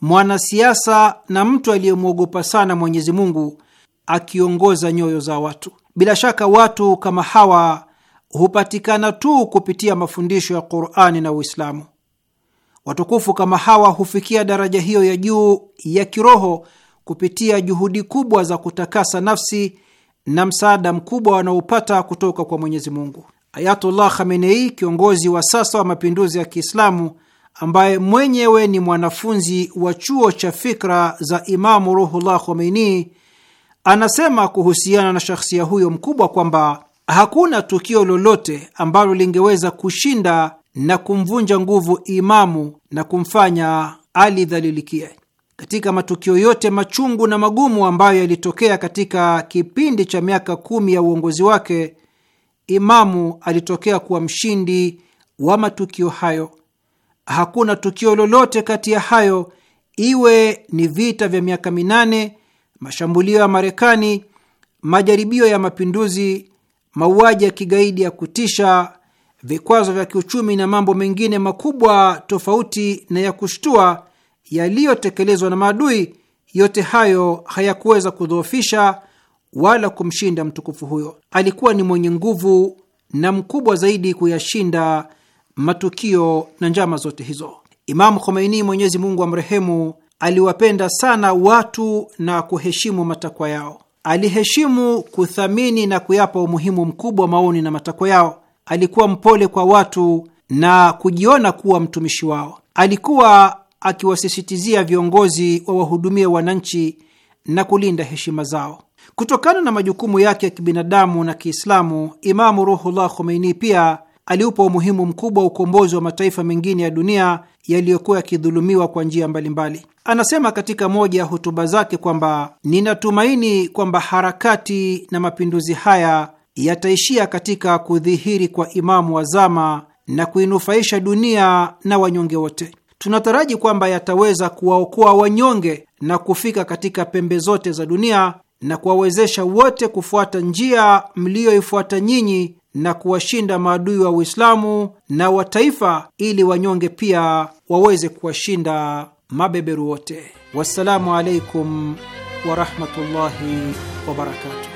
mwanasiasa na mtu aliyemwogopa sana Mwenyezi Mungu akiongoza nyoyo za watu. Bila shaka watu kama hawa hupatikana tu kupitia mafundisho ya Qur'ani na Uislamu. Watukufu kama hawa hufikia daraja hiyo ya juu ya kiroho kupitia juhudi kubwa za kutakasa nafsi na msaada mkubwa wanaopata kutoka kwa Mwenyezi Mungu. Ayatullah Khamenei, kiongozi wa sasa wa mapinduzi ya Kiislamu, ambaye mwenyewe ni mwanafunzi wa chuo cha fikra za Imamu Ruhullah Khomeini, anasema kuhusiana na shakhsia huyo mkubwa kwamba hakuna tukio lolote ambalo lingeweza kushinda na kumvunja nguvu imamu na kumfanya alidhalilikie. Katika matukio yote machungu na magumu ambayo yalitokea katika kipindi cha miaka kumi ya uongozi wake, imamu alitokea kuwa mshindi wa matukio hayo. Hakuna tukio lolote kati ya hayo, iwe ni vita vya miaka minane, mashambulio ya Marekani, majaribio ya mapinduzi, mauaji ya kigaidi ya kutisha vikwazo vya kiuchumi na mambo mengine makubwa tofauti na ya kushtua yaliyotekelezwa na maadui, yote hayo hayakuweza kudhoofisha wala kumshinda mtukufu huyo. Alikuwa ni mwenye nguvu na mkubwa zaidi kuyashinda matukio na njama zote hizo. Imamu Khomeini, Mwenyezi Mungu amrehemu, aliwapenda sana watu na kuheshimu matakwa yao. Aliheshimu, kuthamini na kuyapa umuhimu mkubwa maoni na matakwa yao alikuwa mpole kwa watu na kujiona kuwa mtumishi wao. Alikuwa akiwasisitizia viongozi wawahudumie wananchi na kulinda heshima zao. Kutokana na majukumu yake ya kibinadamu na Kiislamu, Imamu Ruhullah Khomeini pia aliupa umuhimu mkubwa wa ukombozi wa mataifa mengine ya dunia yaliyokuwa yakidhulumiwa kwa njia mbalimbali. Anasema katika moja ya hotuba zake kwamba ninatumaini kwamba harakati na mapinduzi haya yataishia katika kudhihiri kwa imamu wa zama na kuinufaisha dunia na wanyonge wote. Tunataraji kwamba yataweza kuwaokoa wanyonge na kufika katika pembe zote za dunia na kuwawezesha wote kufuata njia mliyoifuata nyinyi na kuwashinda maadui wa Uislamu na wa taifa, ili wanyonge pia waweze kuwashinda mabeberu wote. Wassalamu alaikum warahmatullahi wabarakatuh.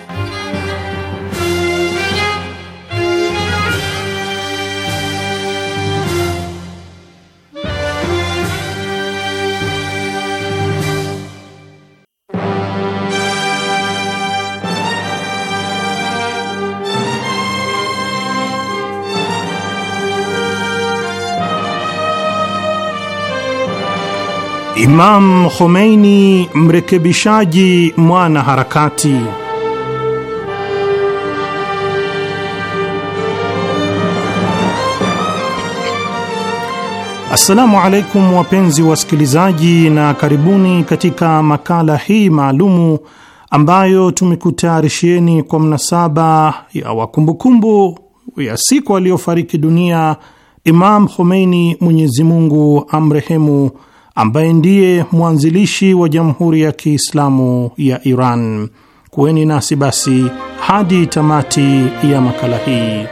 Imam Khomeini, mrekebishaji mwana harakati Assalamu alaikum wapenzi wasikilizaji, na karibuni katika makala hii maalumu ambayo tumekutayarishieni kwa mnasaba ya wakumbukumbu ya siku aliyofariki dunia Imam Khomeini, Mwenyezi Mungu amrehemu ambaye ndiye mwanzilishi wa Jamhuri ya Kiislamu ya Iran. Kuweni nasi basi hadi tamati ya makala hii.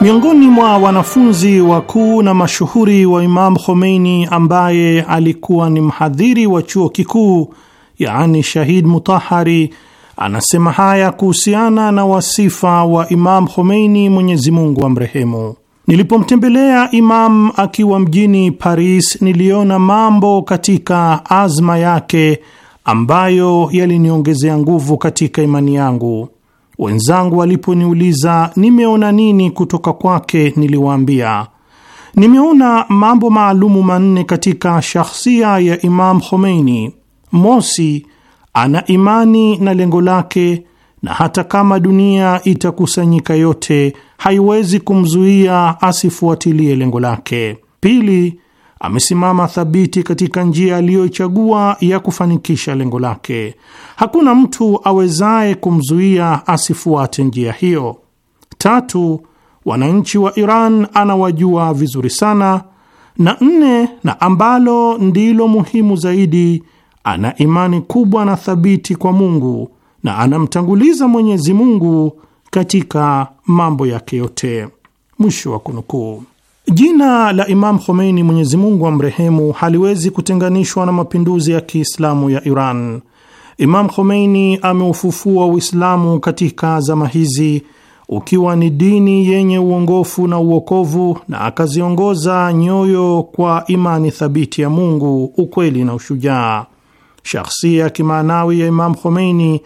Miongoni mwa wanafunzi wakuu na mashuhuri wa Imam Khomeini ambaye alikuwa ni mhadhiri wa chuo kikuu yaani Shahid Mutahari Anasema haya kuhusiana na wasifa wa Imam Khomeini, Mwenyezi Mungu amrehemu. Nilipomtembelea Imam akiwa mjini Paris, niliona mambo katika azma yake ambayo yaliniongezea nguvu katika imani yangu. Wenzangu waliponiuliza nimeona nini kutoka kwake, niliwaambia nimeona mambo maalumu manne katika shahsia ya Imam Khomeini. Mosi, ana imani na lengo lake, na hata kama dunia itakusanyika yote, haiwezi kumzuia asifuatilie lengo lake. Pili, amesimama thabiti katika njia aliyoichagua ya kufanikisha lengo lake. Hakuna mtu awezaye kumzuia asifuate njia hiyo. Tatu, wananchi wa Iran anawajua vizuri sana, na nne, na ambalo ndilo muhimu zaidi ana imani kubwa na thabiti kwa Mungu na anamtanguliza Mwenyezi Mungu katika mambo yake yote. Mwisho wa kunukuu. Jina la Imam Khomeini, Mwenyezi Mungu amrehemu, haliwezi kutenganishwa na mapinduzi ya Kiislamu ya Iran. Imam Khomeini ameufufua Uislamu katika zama hizi ukiwa ni dini yenye uongofu na uokovu, na akaziongoza nyoyo kwa imani thabiti ya Mungu, ukweli na ushujaa shahsia ya kimaanawi ya Imam Khomeini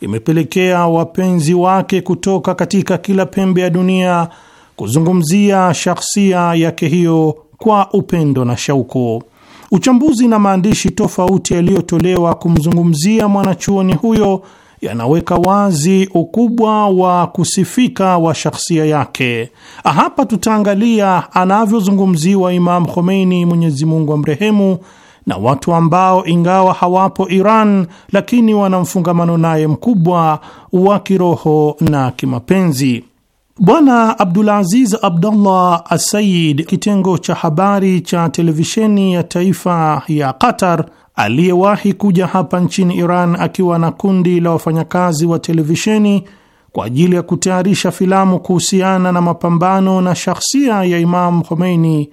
imepelekea wapenzi wake kutoka katika kila pembe ya dunia kuzungumzia shahsia yake hiyo kwa upendo na shauku. Uchambuzi na maandishi tofauti yaliyotolewa kumzungumzia mwanachuoni huyo yanaweka wazi ukubwa wa kusifika wa shakhsia yake. Hapa tutaangalia anavyozungumziwa Imam Khomeini, Mwenyezi Mungu amrehemu, na watu ambao ingawa hawapo Iran lakini wana mfungamano naye mkubwa wa kiroho na kimapenzi. Bwana Abdulaziz Abdullah Asayid, kitengo cha habari cha televisheni ya taifa ya Qatar, aliyewahi kuja hapa nchini Iran akiwa na kundi la wafanyakazi wa televisheni kwa ajili ya kutayarisha filamu kuhusiana na mapambano na shahsia ya Imam Khomeini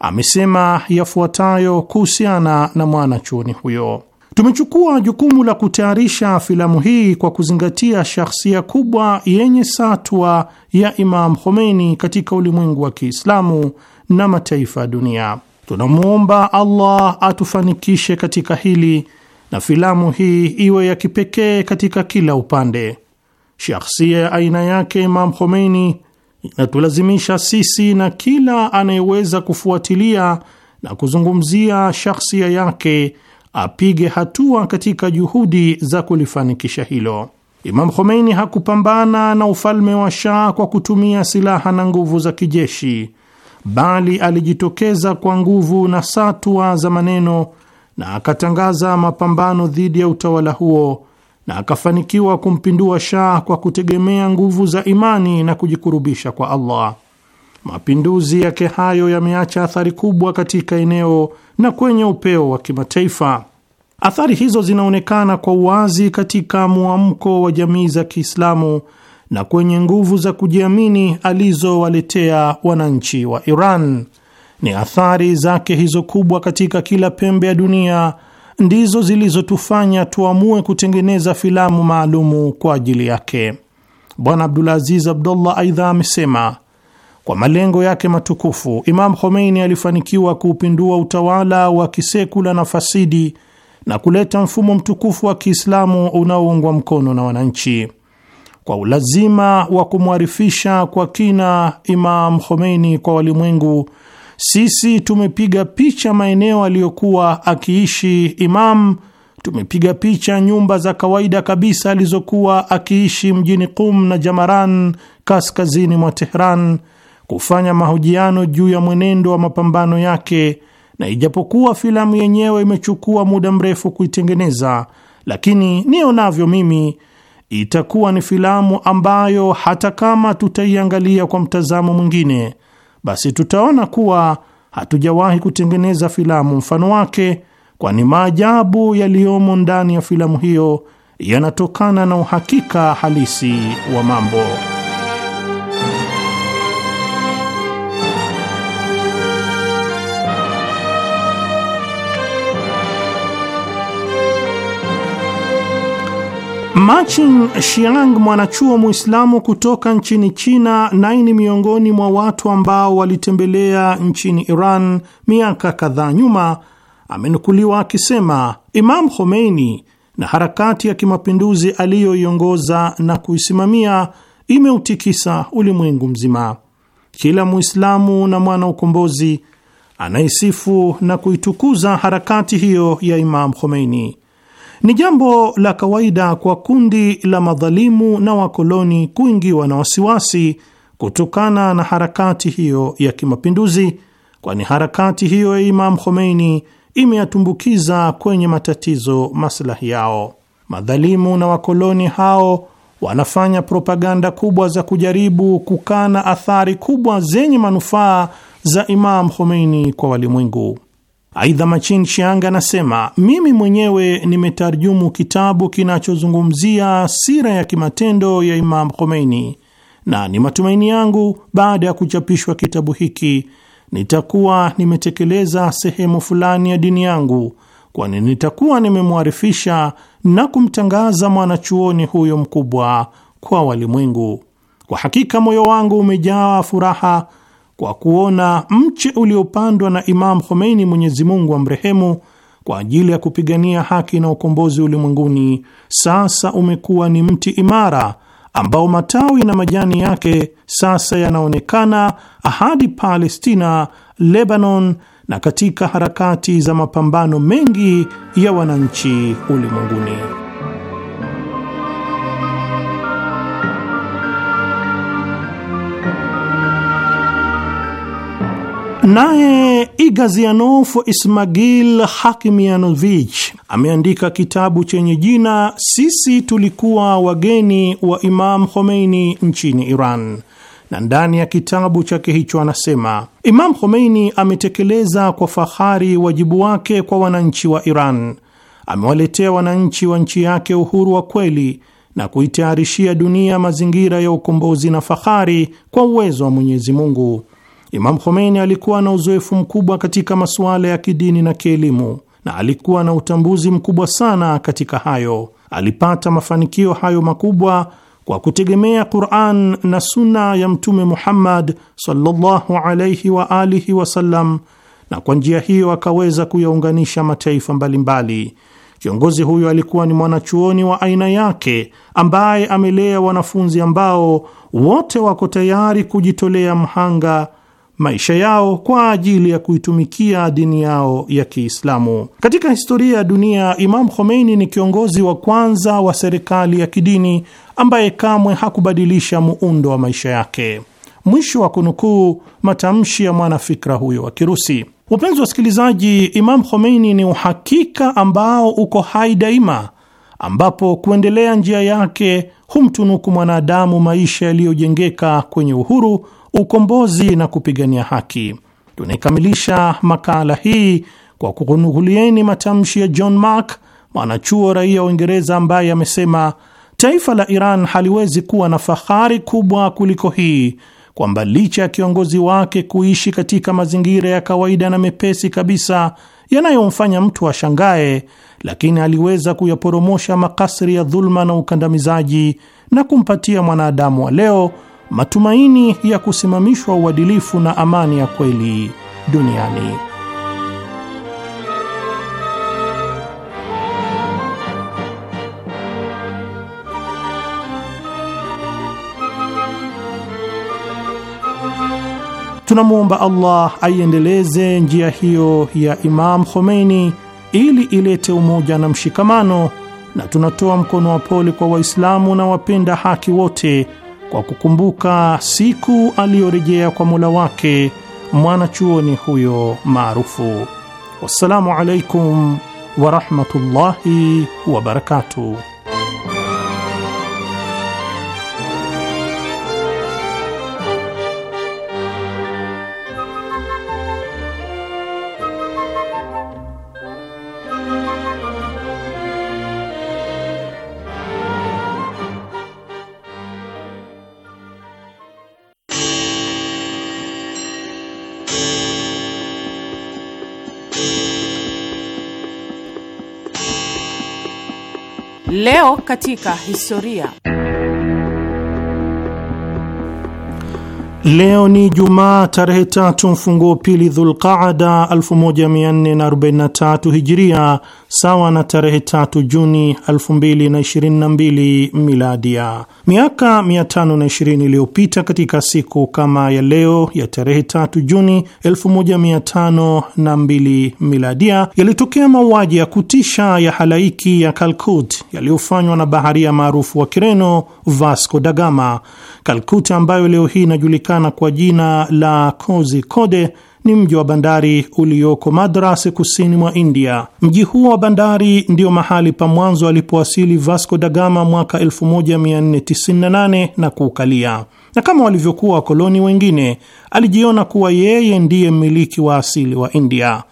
amesema yafuatayo kuhusiana na mwanachuoni huyo: Tumechukua jukumu la kutayarisha filamu hii kwa kuzingatia shahsia kubwa yenye satwa ya Imam Khomeini katika ulimwengu wa Kiislamu na mataifa ya dunia. Tunamwomba Allah atufanikishe katika hili na filamu hii iwe ya kipekee katika kila upande. Shahsia ya aina yake Imam Khomeini inatulazimisha sisi na kila anayeweza kufuatilia na kuzungumzia shakhsia yake apige hatua katika juhudi za kulifanikisha hilo. Imam Khomeini hakupambana na ufalme wa Shah kwa kutumia silaha na nguvu za kijeshi, bali alijitokeza kwa nguvu na satwa za maneno na akatangaza mapambano dhidi ya utawala huo na akafanikiwa kumpindua Shah kwa kutegemea nguvu za imani na kujikurubisha kwa Allah. Mapinduzi yake hayo yameacha athari kubwa katika eneo na kwenye upeo wa kimataifa. Athari hizo zinaonekana kwa uwazi katika mwamko wa jamii za Kiislamu na kwenye nguvu za kujiamini alizowaletea wananchi wa Iran. Ni athari zake hizo kubwa katika kila pembe ya dunia ndizo zilizotufanya tuamue kutengeneza filamu maalumu kwa ajili yake. Bwana Abdulaziz Abdullah aidha amesema kwa malengo yake matukufu, Imam Khomeini alifanikiwa kuupindua utawala wa kisekula na fasidi na kuleta mfumo mtukufu wa Kiislamu unaoungwa mkono na wananchi. Kwa ulazima wa kumwarifisha kwa kina Imam Khomeini kwa walimwengu sisi tumepiga picha maeneo aliyokuwa akiishi Imam, tumepiga picha nyumba za kawaida kabisa alizokuwa akiishi mjini Qum na Jamaran, kaskazini mwa Tehran, kufanya mahojiano juu ya mwenendo wa mapambano yake. Na ijapokuwa filamu yenyewe imechukua muda mrefu kuitengeneza, lakini nionavyo mimi itakuwa ni filamu ambayo hata kama tutaiangalia kwa mtazamo mwingine basi tutaona kuwa hatujawahi kutengeneza filamu mfano wake, kwani maajabu yaliyomo ndani ya filamu hiyo yanatokana na uhakika halisi wa mambo. Machin Shiang, mwanachuo Mwislamu kutoka nchini China, naye ni miongoni mwa watu ambao walitembelea nchini Iran miaka kadhaa nyuma, amenukuliwa akisema Imam Khomeini na harakati ya kimapinduzi aliyoiongoza na kuisimamia imeutikisa ulimwengu mzima. Kila Mwislamu na mwana ukombozi anaisifu na kuitukuza harakati hiyo ya Imam Khomeini. Ni jambo la kawaida kwa kundi la madhalimu na wakoloni kuingiwa na wasiwasi kutokana na harakati hiyo ya kimapinduzi, kwani harakati hiyo ya Imam Khomeini imeyatumbukiza kwenye matatizo maslahi yao. Madhalimu na wakoloni hao wanafanya propaganda kubwa za kujaribu kukana athari kubwa zenye manufaa za Imam Khomeini kwa walimwengu. Aidha, Machin Chianga anasema mimi mwenyewe nimetarjumu kitabu kinachozungumzia sira ya kimatendo ya Imam Khomeini, na ni matumaini yangu baada ya kuchapishwa kitabu hiki nitakuwa nimetekeleza sehemu fulani ya dini yangu, kwani nitakuwa nimemwarifisha na kumtangaza mwanachuoni huyo mkubwa kwa walimwengu. Kwa hakika moyo wangu umejaa furaha kwa kuona mche uliopandwa na Imam Khomeini, Mwenyezi Mungu amrehemu, kwa ajili ya kupigania haki na ukombozi ulimwenguni, sasa umekuwa ni mti imara ambao matawi na majani yake sasa yanaonekana ahadi Palestina, Lebanon na katika harakati za mapambano mengi ya wananchi ulimwenguni. Naye igazianof Ismagil Hakimianovich ameandika kitabu chenye jina Sisi tulikuwa wageni wa Imam Khomeini nchini Iran, na ndani ya kitabu chake hicho anasema Imam Khomeini ametekeleza kwa fahari wajibu wake kwa wananchi wa Iran. Amewaletea wananchi wa nchi yake uhuru wa kweli na kuitayarishia dunia mazingira ya ukombozi na fahari kwa uwezo wa Mwenyezi Mungu. Imam Khomeini alikuwa na uzoefu mkubwa katika masuala ya kidini na kielimu, na alikuwa na utambuzi mkubwa sana katika hayo. Alipata mafanikio hayo makubwa kwa kutegemea Quran na Sunna ya Mtume Muhammad sallallahu alayhi wa alihi wasallam, na kwa njia hiyo akaweza kuyaunganisha mataifa mbalimbali. Kiongozi huyo alikuwa ni mwanachuoni wa aina yake ambaye amelea wanafunzi ambao wote wako tayari kujitolea mhanga maisha yao kwa ajili ya kuitumikia dini yao ya Kiislamu. Katika historia ya dunia, Imam Khomeini ni kiongozi wa kwanza wa serikali ya kidini ambaye kamwe hakubadilisha muundo wa maisha yake. Mwisho wa kunukuu matamshi ya mwanafikra huyo wa Kirusi. Wapenzi wasikilizaji, Imam Khomeini ni uhakika ambao uko hai daima, ambapo kuendelea njia yake humtunuku mwanadamu maisha yaliyojengeka kwenye uhuru ukombozi na kupigania haki. Tunaikamilisha makala hii kwa kukunughulieni matamshi ya John Mark, mwanachuo raia wa Uingereza, ambaye amesema taifa la Iran haliwezi kuwa na fahari kubwa kuliko hii kwamba licha ya kiongozi wake kuishi katika mazingira ya kawaida na mepesi kabisa yanayomfanya mtu ashangae, lakini aliweza kuyaporomosha makasri ya dhuluma na ukandamizaji na kumpatia mwanadamu wa leo matumaini ya kusimamishwa uadilifu na amani ya kweli duniani. Tunamwomba Allah aiendeleze njia hiyo ya Imam Khomeini ili ilete umoja na mshikamano, na tunatoa mkono wa pole kwa Waislamu na wapenda haki wote kwa kukumbuka siku aliyorejea kwa Mola wake mwanachuoni huyo maarufu. Wassalamu alaikum warahmatullahi wabarakatuh. katika historia. Leo ni Jumaa tarehe tatu mfungo pili Dhulqaada 1443 Hijria sawa na tarehe 3 Juni 2022 miladia. Miaka 520 iliyopita katika siku kama ya leo ya tarehe 3 Juni 1502 miladia, yalitokea mauaji ya kutisha ya halaiki ya Calcut yaliyofanywa na baharia maarufu wa Kireno Vasco da Gama. Calcut ambayo leo hii inajulikana kwa jina la Kozhikode ni mji wa bandari ulioko Madras kusini mwa India. Mji huo wa bandari ndio mahali pa mwanzo alipowasili Vasco da Gama mwaka 1498 na kuukalia, na kama walivyokuwa wakoloni wengine, alijiona kuwa yeye ndiye mmiliki wa asili wa India.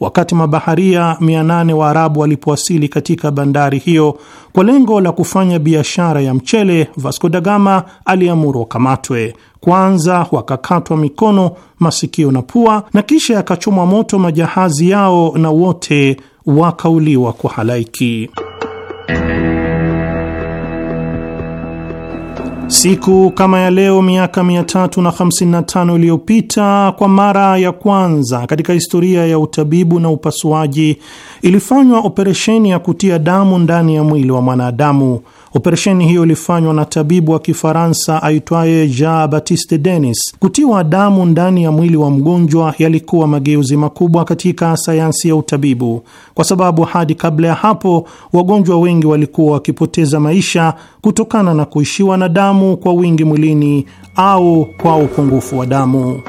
Wakati mabaharia 800 wa Arabu walipowasili katika bandari hiyo kwa lengo la kufanya biashara ya mchele, Vasco da Gama aliamuru wakamatwe. Kwanza wakakatwa mikono, masikio na pua, na kisha yakachomwa moto majahazi yao na wote wakauliwa kwa halaiki. Siku kama ya leo miaka 355 iliyopita, kwa mara ya kwanza katika historia ya utabibu na upasuaji, ilifanywa operesheni ya kutia damu ndani ya mwili wa mwanadamu. Operesheni hiyo ilifanywa na tabibu wa Kifaransa aitwaye Jean Baptiste Denis. Kutiwa damu ndani ya mwili wa mgonjwa yalikuwa mageuzi makubwa katika sayansi ya utabibu, kwa sababu hadi kabla ya hapo wagonjwa wengi walikuwa wakipoteza maisha kutokana na kuishiwa na damu kwa wingi mwilini au kwa upungufu wa damu.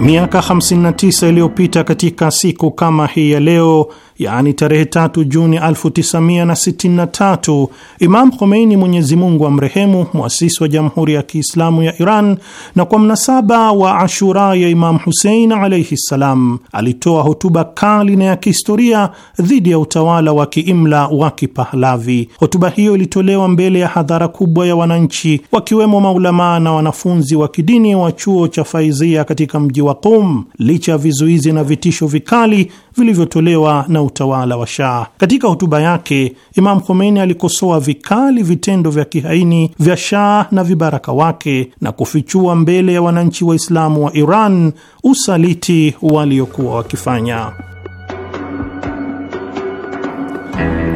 Miaka 59 iliyopita katika siku kama hii ya leo yaani tarehe tatu Juni 1963 Imam Khomeini, Mwenyezi Mungu amrehemu, mwasisi wa Jamhuri ya Kiislamu ya Iran, na kwa mnasaba wa Ashura ya Imam Husein alaihi ssalam, alitoa hotuba kali na ya kihistoria dhidi ya utawala wa kiimla wa Kipahlavi. Hotuba hiyo ilitolewa mbele ya hadhara kubwa ya wananchi, wakiwemo maulamaa na wanafunzi wa kidini wa chuo cha Faizia katika mji wa Qum, licha ya vizuizi na vitisho vikali vilivyotolewa na utawala wa Shah. Katika hotuba yake, Imam Khomeini alikosoa vikali vitendo vya kihaini vya Shah na vibaraka wake na kufichua mbele ya wananchi Waislamu wa Iran usaliti waliokuwa wakifanya.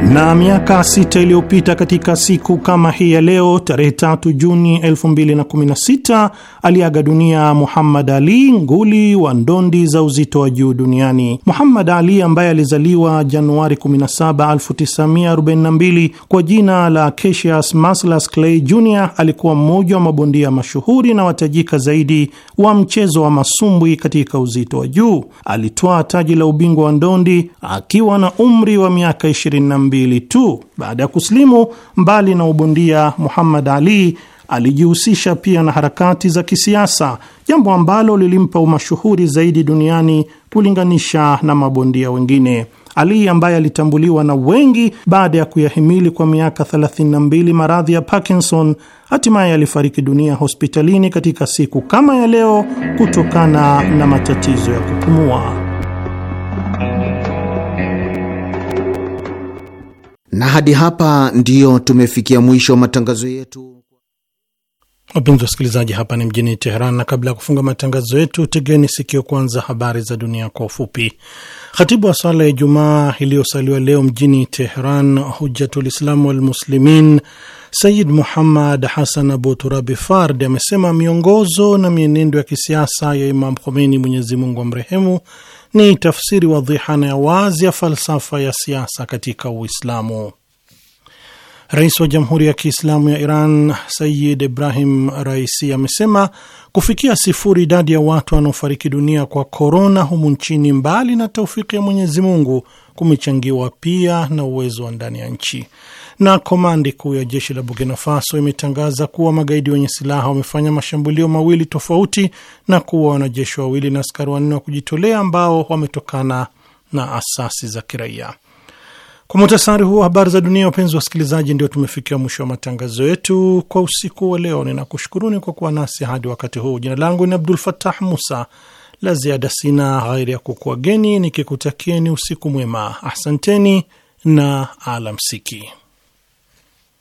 Na miaka sita iliyopita katika siku kama hii ya leo tarehe tatu Juni 2016 aliaga dunia Muhammad Ali, nguli wa ndondi za uzito wa juu duniani. Muhammad Ali ambaye alizaliwa Januari 17, 1942 kwa jina la Cassius Maslas Clay Jr alikuwa mmoja wa mabondia mashuhuri na watajika zaidi wa mchezo wa masumbwi katika uzito wa juu. Alitwaa taji la ubingwa wa ndondi akiwa na umri wa miaka 22 mbili tu baada ya kusilimu. Mbali na ubondia, Muhammad Ali alijihusisha pia na harakati za kisiasa, jambo ambalo lilimpa umashuhuri zaidi duniani kulinganisha na mabondia wengine. Ali ambaye alitambuliwa na wengi baada ya kuyahimili kwa miaka 32 maradhi ya Parkinson, hatimaye alifariki dunia hospitalini katika siku kama ya leo kutokana na matatizo ya kupumua. Na hadi hapa ndiyo tumefikia mwisho wa matangazo yetu. Wapenzi wasikilizaji, hapa ni mjini Teheran, na kabla ya kufunga matangazo yetu, tegeni sikio kwanza habari za dunia kwa ufupi. Khatibu wa swala ya Ijumaa iliyosaliwa leo mjini Teheran, Hujjatulislamu Walmuslimin Sayid Muhammad Hasan Abu Turabi Fard amesema miongozo na mienendo ya kisiasa ya Imam Khomeini, Mwenyezi Mungu amrehemu, ni tafsiri wadhiha na ya wazi ya falsafa ya siasa katika Uislamu. Rais wa Jamhuri ya Kiislamu ya Iran Sayid Ibrahim Raisi amesema kufikia sifuri idadi ya watu wanaofariki dunia kwa korona humu nchini, mbali na taufiki ya Mwenyezi Mungu, kumechangiwa pia na uwezo wa ndani ya nchi. Na komandi kuu ya jeshi la Burkina Faso imetangaza kuwa magaidi wenye silaha wamefanya mashambulio mawili tofauti na kuwa wanajeshi wawili na askari wanne wa kujitolea ambao wametokana na asasi za kiraia. Kwa muhtasari huo habari za dunia. Wapenzi wasikilizaji, ndio tumefikia mwisho wa matangazo yetu kwa usiku wa leo. Ninakushukuruni kwa kuwa nasi hadi wakati huu. Jina langu ni Abdul Fatah Musa. La ziada sina ghairi ya kukuageni nikikutakieni usiku mwema. Asanteni na alamsiki.